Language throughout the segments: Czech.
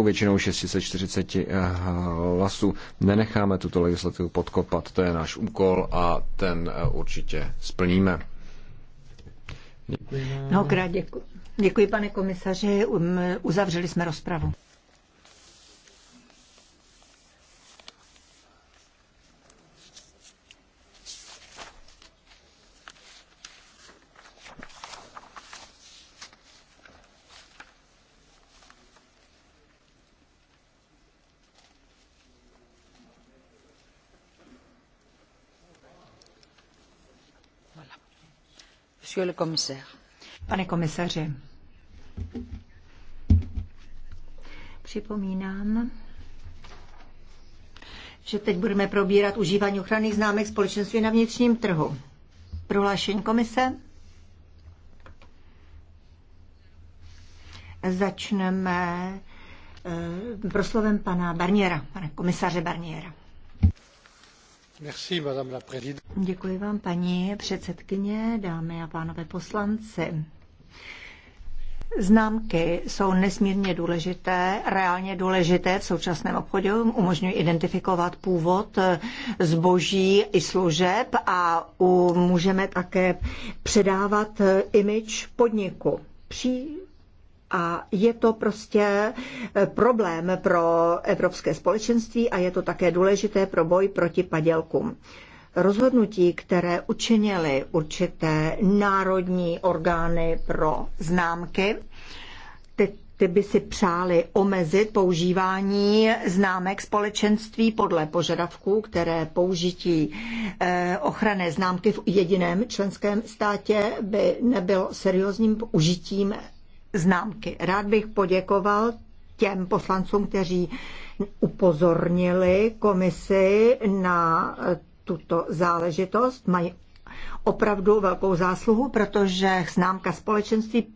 většinou 640 eh, hlasů. Nenecháme tuto legislativu podkopat, to je náš úkol a ten eh, určitě splníme. Mnohokrát děkuji. Děkuji, pane komisaři. Um, uzavřeli jsme rozpravu. Pane komisaři, připomínám, že teď budeme probírat užívání ochranných známek společenství na vnitřním trhu. Prohlášení komise? Začneme eh, proslovem pana Barniera, pana komisaře Barniera. Děkuji vám, paní předsedkyně, dámy a pánové poslanci. Známky jsou nesmírně důležité, reálně důležité v současném obchodu, umožňují identifikovat původ zboží i služeb a můžeme také předávat imič podniku. Při a je to prostě eh, problém pro evropské společenství a je to také důležité pro boj proti padělkům rozhodnutí, které učinili určité národní orgány pro známky, ty, ty by si přáli omezit používání známek společenství podle požadavků, které použití eh, ochranné známky v jediném členském státě by nebylo seriózním užitím známky. Rád bych poděkoval těm poslancům, kteří upozornili komisi na tuto záležitost. Mají opravdu velkou zásluhu, protože známka společenství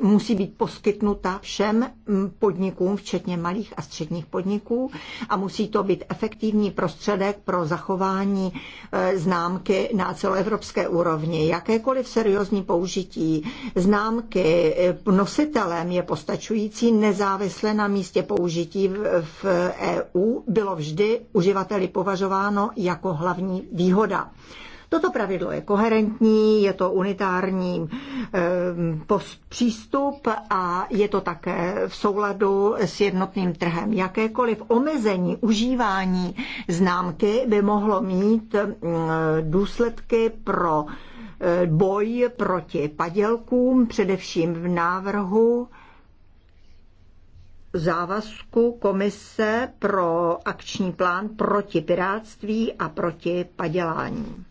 musí být poskytnuta všem mm, podnikům, včetně malých a středních podniků a musí to být efektivní prostředek pro zachování e, známky na celoevropské úrovni. Jakékoliv seriózní použití známky e, nositelem je postačující nezávisle na místě použití v EU bylo vždy uživateli považováno jako hlavní výhoda. Toto pravidlo je koherentní, je to unitární eh, přístup a je to také v souladu s jednotným trhem. Jakékoliv omezení užívání známky by mohlo mít eh, důsledky pro eh, boj proti padělkům, především v návrhu závazku komise pro akční plán proti piráctví a proti padělání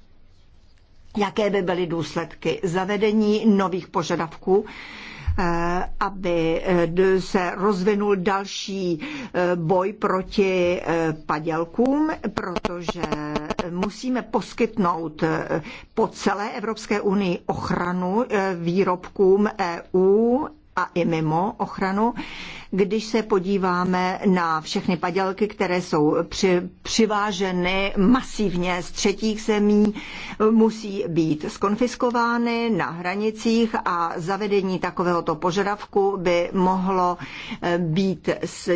jaké by byly důsledky zavedení nových požadavků eh, aby eh, se rozvinul další eh, boj proti padělkům, protože musíme poskytnout po celé Evropské unii ochranu výrobkům EU a i mimo ochranu když se podíváme na všechny padělky, které jsou při, přiváženy masivně z třetích zemí, musí být skonfiskovány na hranicích a zavedení takovéhoto požadavku by mohlo eh, být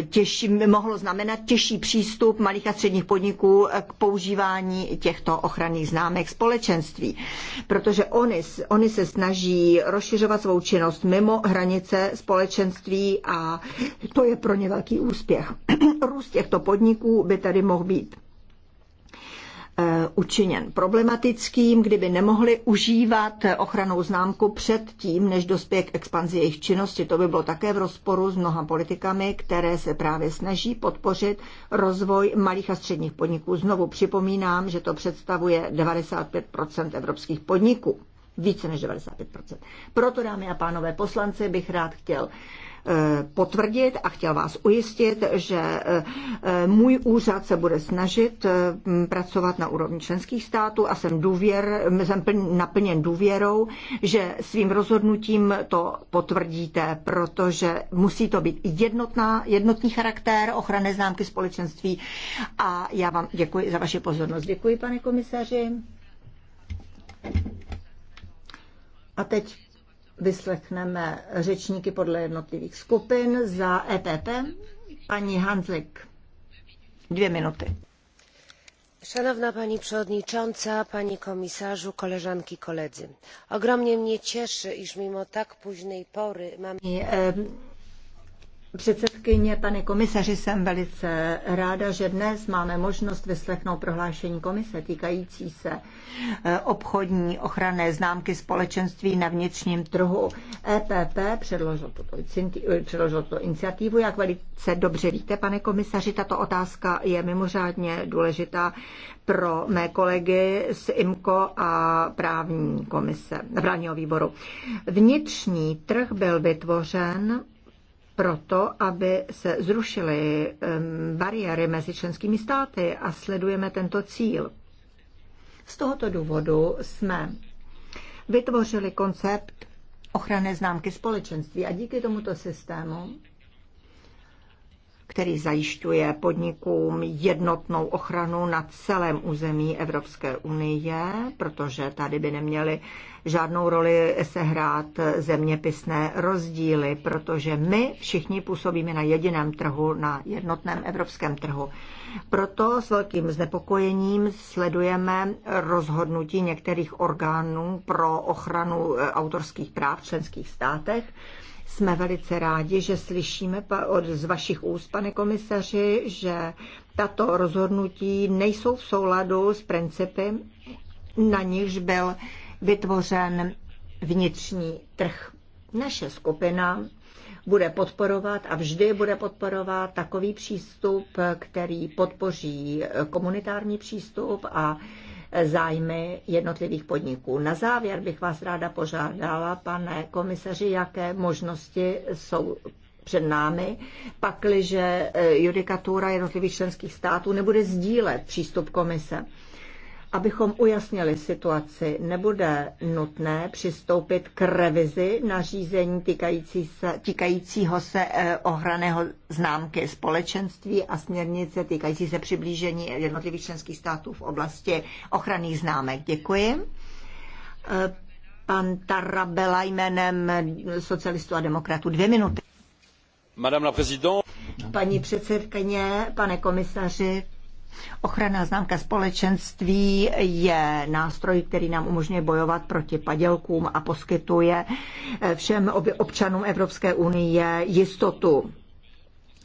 těžší, mohlo znamenat těžší přístup malých a středních podniků k používání těchto ochranných známek společenství, protože oni, oni se snaží rozšiřovat svou činnost mimo hranice společenství a to je pro ně velký úspěch. Růst těchto podniků by tady mohl být eh, učiněn problematickým, kdyby nemohli užívat ochranou známku před tím, než dospěje k expanzi jejich činnosti. To by bylo také v rozporu s mnoha politikami, které se právě snaží podpořit rozvoj malých a středních podniků. Znovu připomínám, že to představuje 95 evropských podniků. Více než 95 Proto, dámy a pánové poslanci, bych rád chtěl Eh, potvrdit a chtěl vás ujistit, že eh, eh, můj úřad se bude snažit pracovat na úrovni členských států a jsem, důvěr, jsem naplněn důvěrou, že svým rozhodnutím to potvrdíte, protože musí to být jednotná, jednotný charakter ochranné známky společenství a já vám děkuji za vaši pozornost. Děkuji, pane komisaři. A teď vyslechneme řečníky podle jednotlivých skupin. Za EPP paní Hanzlik. Dvě minuty. Szanowna Pani Przewodnicząca, Panie Komisarzu, koleżanki, koledzy. Ogromnie mnie cieszy, iż mimo tak późnej pory mamy... Předsedkyně, pane komisaři, jsem velice ráda, že dnes máme možnost vyslechnout prohlášení komise týkající se eh, obchodní ochranné známky společenství na vnitřním trhu. EPP předložil tuto, eh, předložil tuto iniciativu. Jak velice dobře víte, pane komisaři, tato otázka je mimořádně důležitá pro mé kolegy z IMCO a právní komise, právního výboru. Vnitřní trh byl vytvořen proto, aby se zrušily bariéry mezi členskými státy a sledujeme tento cíl. Z tohoto důvodu jsme vytvořili koncept ochranné známky společenství a díky tomuto systému který zajišťuje podnikům jednotnou ochranu na celém území Evropské unie, protože tady by neměly žádnou roli sehrát zeměpisné rozdíly, protože my všichni působíme na jediném trhu, na jednotném evropském trhu. Proto s velkým znepokojením sledujeme rozhodnutí některých orgánů pro ochranu autorských práv v členských státech, jsme velice rádi, že slyšíme od, z vašich úst, pane komisaři, že tato rozhodnutí nejsou v souladu s principy, na nichž byl vytvořen vnitřní trh. Naše skupina bude podporovat a vždy bude podporovat takový přístup, který podpoří komunitární přístup a zájmy jednotlivých podniků. Na závěr bych vás ráda požádala, pane komisaři, jaké možnosti jsou před námi, pakliže eh, judikatura jednotlivých členských států nebude sdílet přístup komise. Abychom ujasnili situaci, nebude nutné přistoupit k revizi nařízení týkající se, týkajícího se eh, ohraného známky společenství a směrnice týkající se přiblížení jednotlivých členských států v oblasti ochranných známek. Děkuji. Eh, pan Tarabela jménem socialistů a demokratů. Dvě minuty. Madame la Paní předsedkyně, pane komisaři, Ochranná známka společenství je nástroj, který nám umožňuje bojovat proti padělkům a poskytuje eh, všem občanům Evropské unie jistotu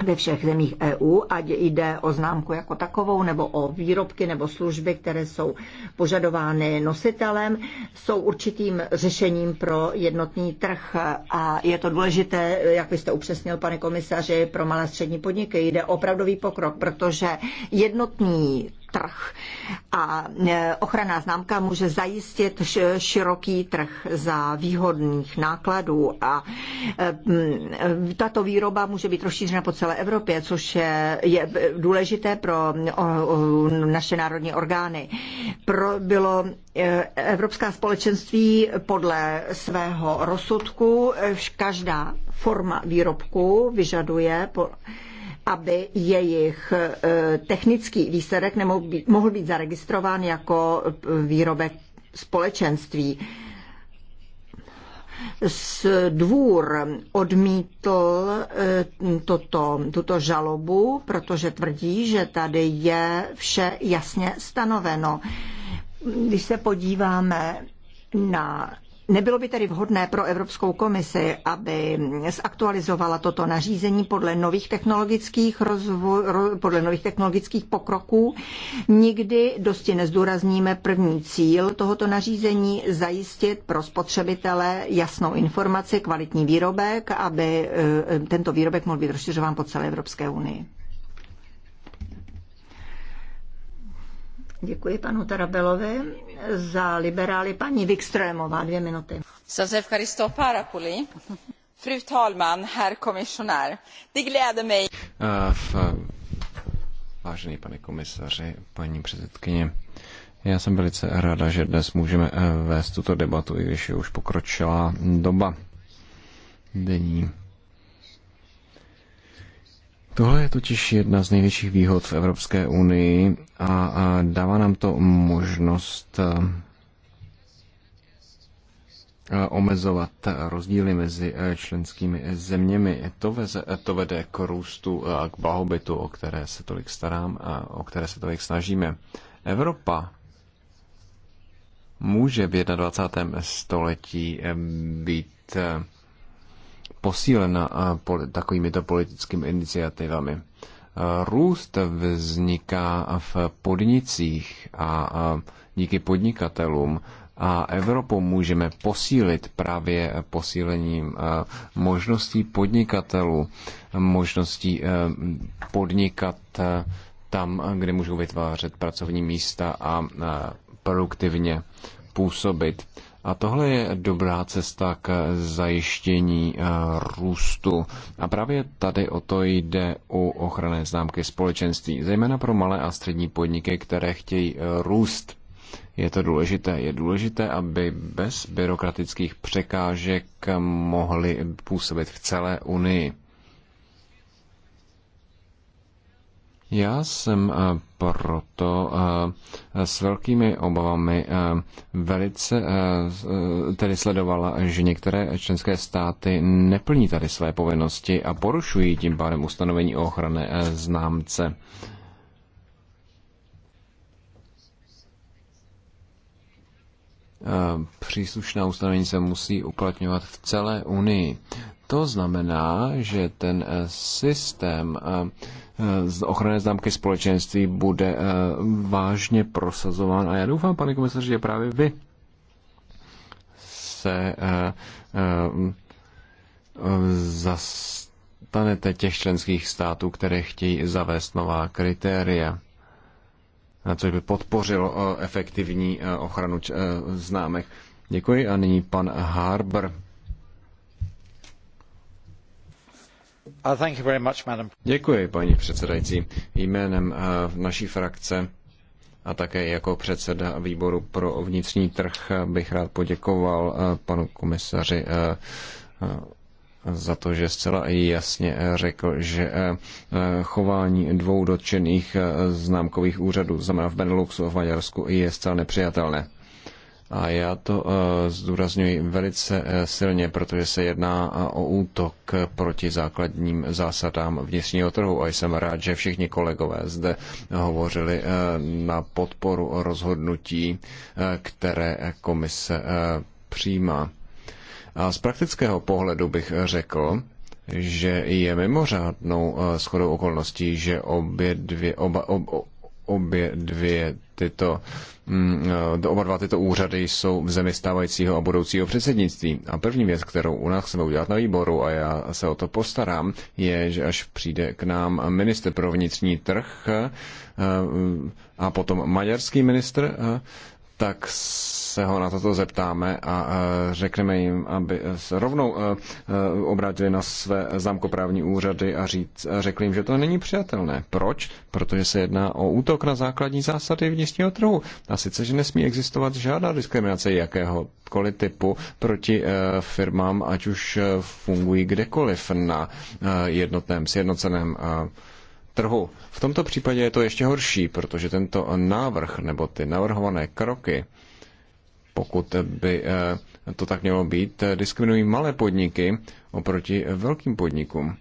ve všech zemích EU, ať jde o známku jako takovou, nebo o výrobky nebo služby, které jsou požadovány nositelem, jsou určitým řešením pro jednotný trh. A je to důležité, jak byste upřesnil, pane komisaři, pro malé střední podniky. Jde opravdový pokrok, protože jednotný trh. A e, ochranná známka může zajistit široký trh za výhodných nákladů a e, tato výroba může být rozšířena po celé Evropě, což je, je důležité pro naše národní orgány. Pro, bylo e, Evropská společenství podle svého rozsudku, každá forma výrobku vyžaduje po, aby jejich e, technický výsledek nemohl být, mohl být zaregistrován jako e, výrobek společenství. S dvůr odmítl e, toto, tuto žalobu, protože tvrdí, že tady je vše jasně stanoveno. Když se podíváme na Nebylo by tedy vhodné pro Evropskou komisi, aby zaktualizovala toto nařízení podle nových technologických rozvoj, podle nových technologických pokroků. Nikdy dosti nezdůrazníme první cíl tohoto nařízení zajistit pro spotřebitele jasnou informaci, kvalitní výrobek, aby eh, tento výrobek mohl být rozšiřován po celé Evropské unii. Děkuji panu Tarabelovi. Za liberály paní Wikströmová, dvě minuty. Josef Christo Parapuli, Fru talman, herr kommissionär. Det gläder mig. Eh, vážený pane komisaři, paní předsedkyně, já jsem velice ráda, že dnes můžeme eh, vést tuto debatu, i když je už pokročila doba denní. Tohle je totiž jedna z největších výhod v Evropské unii a, dává nám to možnost eh, omezovat rozdíly mezi eh, členskými zeměmi. To, veze, to vede k růstu a k blahobytu, o které se tolik starám a o které se tolik snažíme. Evropa může v 21. století eh, být posílena takovýmito politickými iniciativami. Růst vzniká v podnicích a díky podnikatelům a Evropu můžeme posílit právě posílením možností podnikatelů, možností podnikat tam, kde můžou vytvářet pracovní místa a produktivně působit. A tohle je dobrá cesta k zajištění eh, růstu. A právě tady o to jde u ochranné známky společenství, zejména pro malé a střední podniky, které chtějí eh, růst. Je to důležité. Je důležité, aby bez byrokratických překážek mohli působit v celé Unii. Já jsem eh, proto eh, s velkými obavami eh, velice tedy sledovala, že některé členské státy neplní tady své povinnosti a porušují tím pádem ustanovení o ochrany známce. Příslušná ustanovení se musí uplatňovat v celé Unii. To znamená, že ten systém z ochranné známky společenství bude eh, vážně prosazován. A já doufám, pane komisaři, že právě vy se eh, eh, zastanete těch členských států, které chtějí zavést nová kritéria což by podpořilo efektivní ochranu známek. Děkuji a nyní pan Harber. Uh, Děkuji, paní předsedající. Jménem uh, naší frakce a také jako předseda výboru pro vnitřní trh bych rád poděkoval uh, panu komisaři za to, že zcela jasně řekl, že chování dvou dotčených známkových úřadů, znamená v Beneluxu a v Maďarsku, je zcela nepřijatelné. A já to eh, zdůrazňuji velice eh, silně, protože se jedná eh, o útok proti základním zásadám vnitřního trhu. A jsem rád, že všichni kolegové zde hovořili na podporu rozhodnutí, které komise přijímá. A z praktického pohledu bych řekl, že je mimořádnou shodou okolností, že obě dvě, oba, ob, obě dvě tyto, mm, eh, oba dva tyto úřady jsou v zemi stávajícího a budoucího předsednictví. A první věc, kterou u nás chceme udělat na výboru, a já se o to postarám, je, že až přijde k nám minister pro vnitřní trh eh, a potom maďarský minister, eh, tak se ho na toto zeptáme a e, řekneme jim, aby se rovnou e, e, obrátili na své zámkoprávní úřady a říct, řekli jim, že to není přijatelné. Proč? Protože se jedná o útok na základní zásady vnitřního trhu. A sice, že nesmí existovat žádná diskriminace jakéhokoliv typu proti firmám, ať už fungují kdekoliv na jednotném, sjednoceném trhu. V tomto případě je to ještě horší, protože tento návrh nebo ty navrhované kroky, pokud by eh, to tak mělo být, eh, diskriminují malé podniky oproti velkým podnikům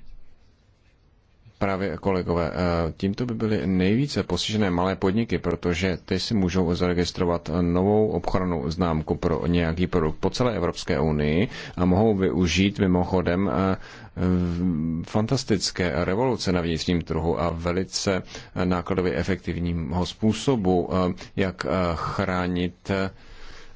právě kolegové. Eh, tímto by byly nejvíce postižené malé podniky, protože ty si můžou zaregistrovat novou obchodnou známku pro nějaký produkt po celé Evropské unii a mohou využít mimochodem eh, fantastické revoluce na vnitřním trhu a velice eh, nákladově efektivního způsobu, jak chránit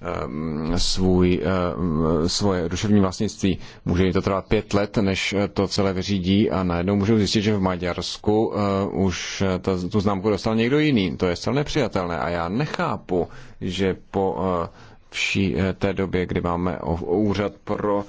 Ehm, svůj, ehm, svoje duševní vlastnictví. Může jim to trvat pět let, než eh, to celé vyřídí a najednou můžou zjistit, že v Maďarsku eh, už eh, ta, tu známku dostal někdo jiný. To je zcela nepřijatelné a já nechápu, že po vší té době, kdy máme úřad pro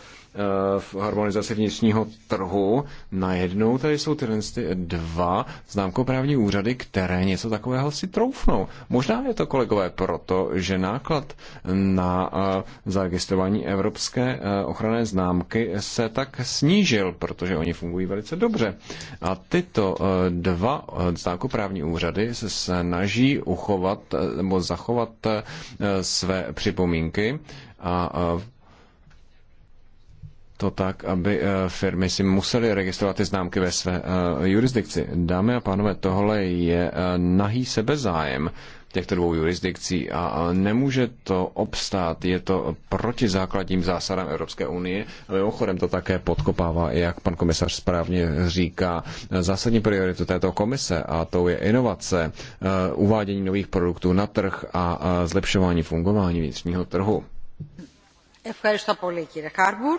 v harmonizaci vnitřního trhu, najednou tady jsou tyhle dva známkoprávní úřady, které něco takového si troufnou. Možná je to, kolegové, proto, že náklad na eh, zaregistrování evropské eh, ochranné známky se tak snížil, protože oni fungují velice dobře. A tyto eh, dva známkoprávní úřady se snaží uchovat nebo zachovat své připomínky a to tak, aby eh, firmy si musely registrovat ty známky ve své eh, jurisdikci. Dámy a pánové, tohle je eh, nahý sebezájem těchto dvou jurisdikcí a nemůže to obstát. Je to proti základním zásadám Evropské unie a mimochodem to také podkopává, jak pan komisař správně říká, zásadní prioritu této komise a to je inovace, uvádění nových produktů na trh a zlepšování fungování vnitřního trhu. Děkuji.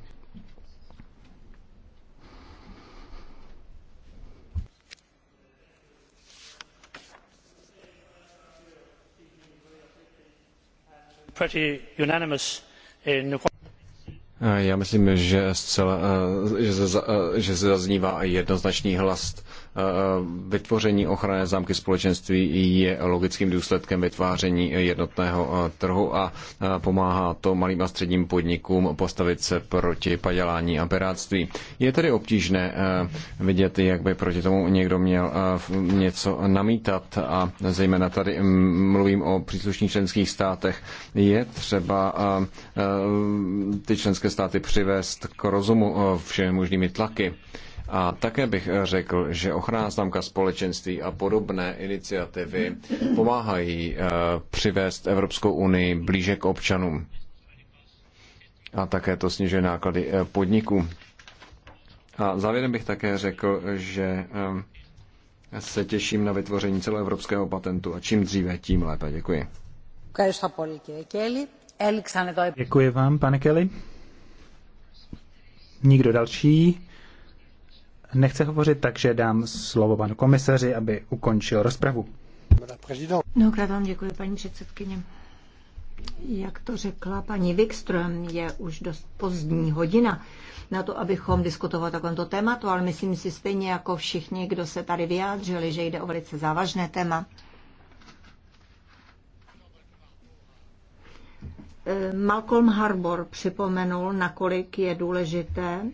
pretty unanimous in Eh, já myslím, že, zcela, eh, že, se, eh, že se zaznívá jednoznačný hlas. Vytvoření ochranné zámky společenství je logickým důsledkem vytváření jednotného trhu a pomáhá to malým a středním podnikům postavit se proti padělání a piráctví. Je tedy obtížné vidět, jak by proti tomu někdo měl něco namítat a zejména tady mluvím o příslušných členských státech. Je třeba ty členské státy přivést k rozumu eh, všemi možnými tlaky. A také bych eh, řekl, že ochrana známka společenství a podobné iniciativy pomáhají eh, přivést Evropskou unii blíže k občanům. A také to snižuje náklady podniků. A závěrem bych také řekl, že se těším na vytvoření celoevropského patentu a čím dříve, tím lépe. Děkuji. Děkuji vám, pane Kelly. Nikdo další nechce hovořit, takže dám slovo panu komisaři, aby ukončil rozpravu. Mnohokrát vám děkuji, paní předsedkyně. Jak to řekla paní Wikström, je už dost pozdní hodina na to, abychom diskutovali o takovémto tématu, ale myslím si stejně jako všichni, kdo se tady vyjádřili, že jde o velice závažné téma. Eh, Malcolm Harbour připomenul, nakolik je důležité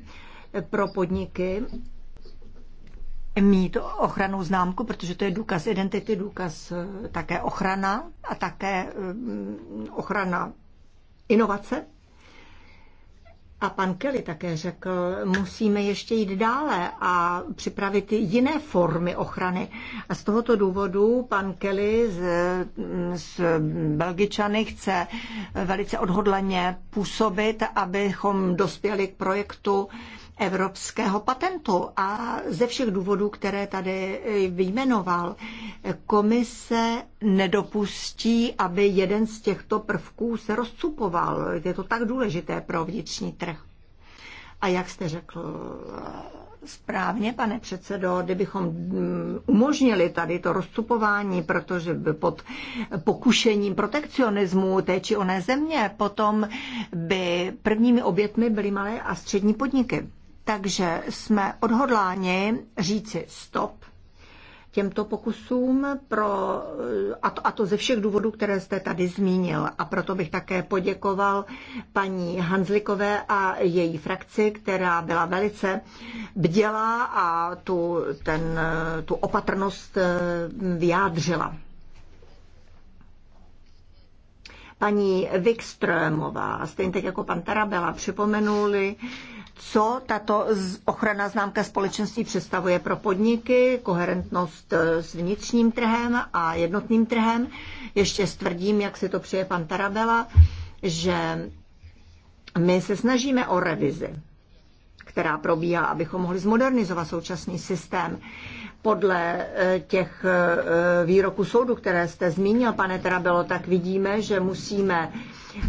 eh, pro podniky mít ochranou známku, protože to je důkaz identity, důkaz eh, také ochrana a také ochrana inovace a pan Kelly také řekl, musíme ještě jít dále a připravit jiné formy ochrany. A z tohoto důvodu pan Kelly z, z Belgičany chce velice odhodlaně působit, abychom dospěli k projektu evropského patentu a ze všech důvodů, které tady eh, vyjmenoval, komise nedopustí, aby jeden z těchto prvků se rozcupoval. Je to tak důležité pro vnitřní trh. A jak jste řekl, eh, Správně, pane předsedo, kdybychom mm, umožnili tady to rozcupování, protože by pod pokušením protekcionismu té či oné země, potom by prvními obětmi byly malé a střední podniky. Takže jsme odhodláni říci stop těmto pokusům pro, a, to, a to ze všech důvodů, které jste tady zmínil. A proto bych také poděkoval paní Hanzlikové a její frakci, která byla velice bdělá a tu, ten, tu opatrnost eh, vyjádřila. Paní Wikströmová, stejně tak jako pan Tarabela, připomenuli, co tato ochrana známka společnosti představuje pro podniky, koherentnost eh, s vnitřním trhem a jednotným trhem. Ještě stvrdím, jak si to přeje pan Tarabela, že my se snažíme o revizi, která probíhá, abychom mohli zmodernizovat současný systém podle eh, těch eh, výroků soudu, které jste zmínil, pane Trabelo, tak vidíme, že musíme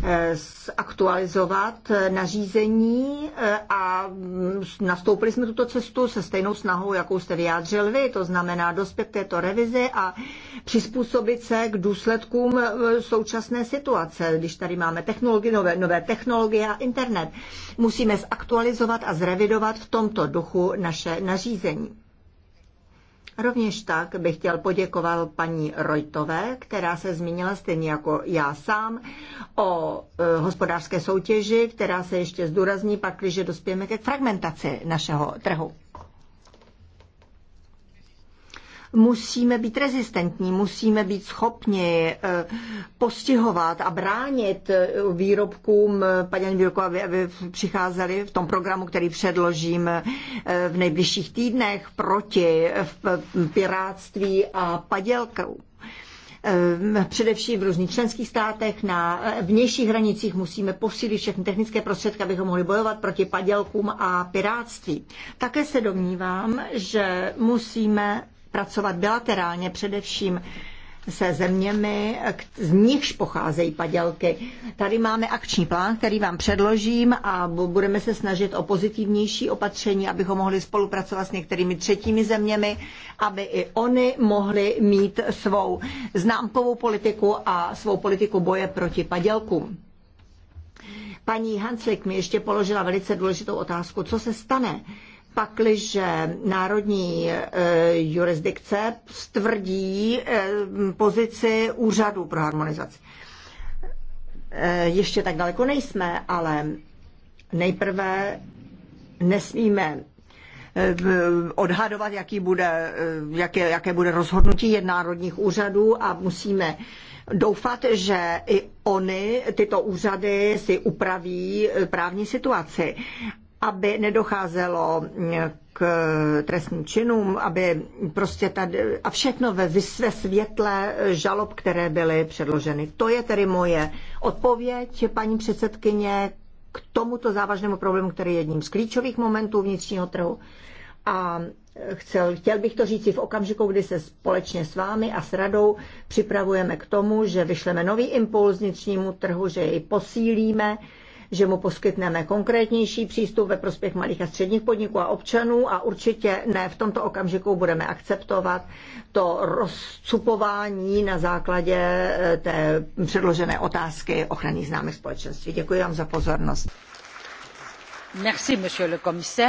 eh, zaktualizovat nařízení a mm, nastoupili jsme tuto cestu se stejnou snahou, jakou jste vyjádřil vy, to znamená dospět této revizi a přizpůsobit se k důsledkům současné situace, když tady máme technologie, nové, nové technologie a internet. Musíme zaktualizovat a zrevidovat v tomto duchu naše nařízení. Rovněž tak bych chtěl poděkoval paní Rojtové, která se zmínila stejně jako já sám o e, hospodářské soutěži, která se ještě zdůrazní pak, když dospějeme ke fragmentaci našeho trhu musíme být rezistentní, musíme být schopni eh, postihovat a bránit eh, výrobkům eh, paní výrobků, aby, aby přicházeli v tom programu, který předložím v nejbližších týdnech proti piráctví a padělkou. především v různých členských státech, na vnějších hranicích musíme posílit všechny technické prostředky, abychom mohli bojovat proti padělkům a piráctví. Také se domnívám, že musíme pracovat bilaterálně především se zeměmi, z nichž pocházejí padělky. Tady máme akční plán, který vám předložím a budeme se snažit o pozitivnější opatření, abychom mohli spolupracovat s některými třetími zeměmi, aby i oni mohli mít svou známkovou politiku a svou politiku boje proti padělkům. Paní Hanslik mi ještě položila velice důležitou otázku, co se stane, pakliže národní e, jurisdikce stvrdí e, pozici úřadu pro harmonizaci. E, ještě tak daleko nejsme, ale nejprve nesmíme e, odhadovat, jaký bude, e, jaké, jaké bude rozhodnutí jednárodních úřadů a musíme doufat, že i oni, tyto úřady, si upraví e, právní situaci aby nedocházelo k trestním činům, aby prostě tady, a všechno ve, ve světle žalob, které byly předloženy. To je tedy moje odpověď, paní předsedkyně, k tomuto závažnému problému, který je jedním z klíčových momentů vnitřního trhu. A chcel, chtěl bych to říci v okamžiku, kdy se společně s vámi a s radou připravujeme k tomu, že vyšleme nový impuls vnitřnímu trhu, že jej posílíme, že mu poskytneme konkrétnější přístup ve prospěch malých a středních podniků a občanů a určitě ne v tomto okamžiku budeme akceptovat to rozcupování na základě eh, té předložené otázky ochranných známek společenství. Děkuji vám za pozornost. Merci,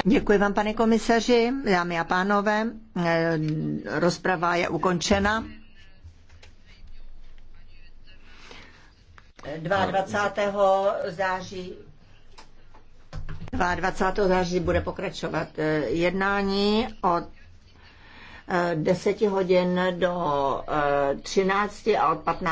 Děkuji vám, pane komisaři, dámy a pánové. Eh, rozprava je ukončena. 22. září 22. září bude pokračovat eh, jednání od 10 eh, hodin do 13 eh, a od 15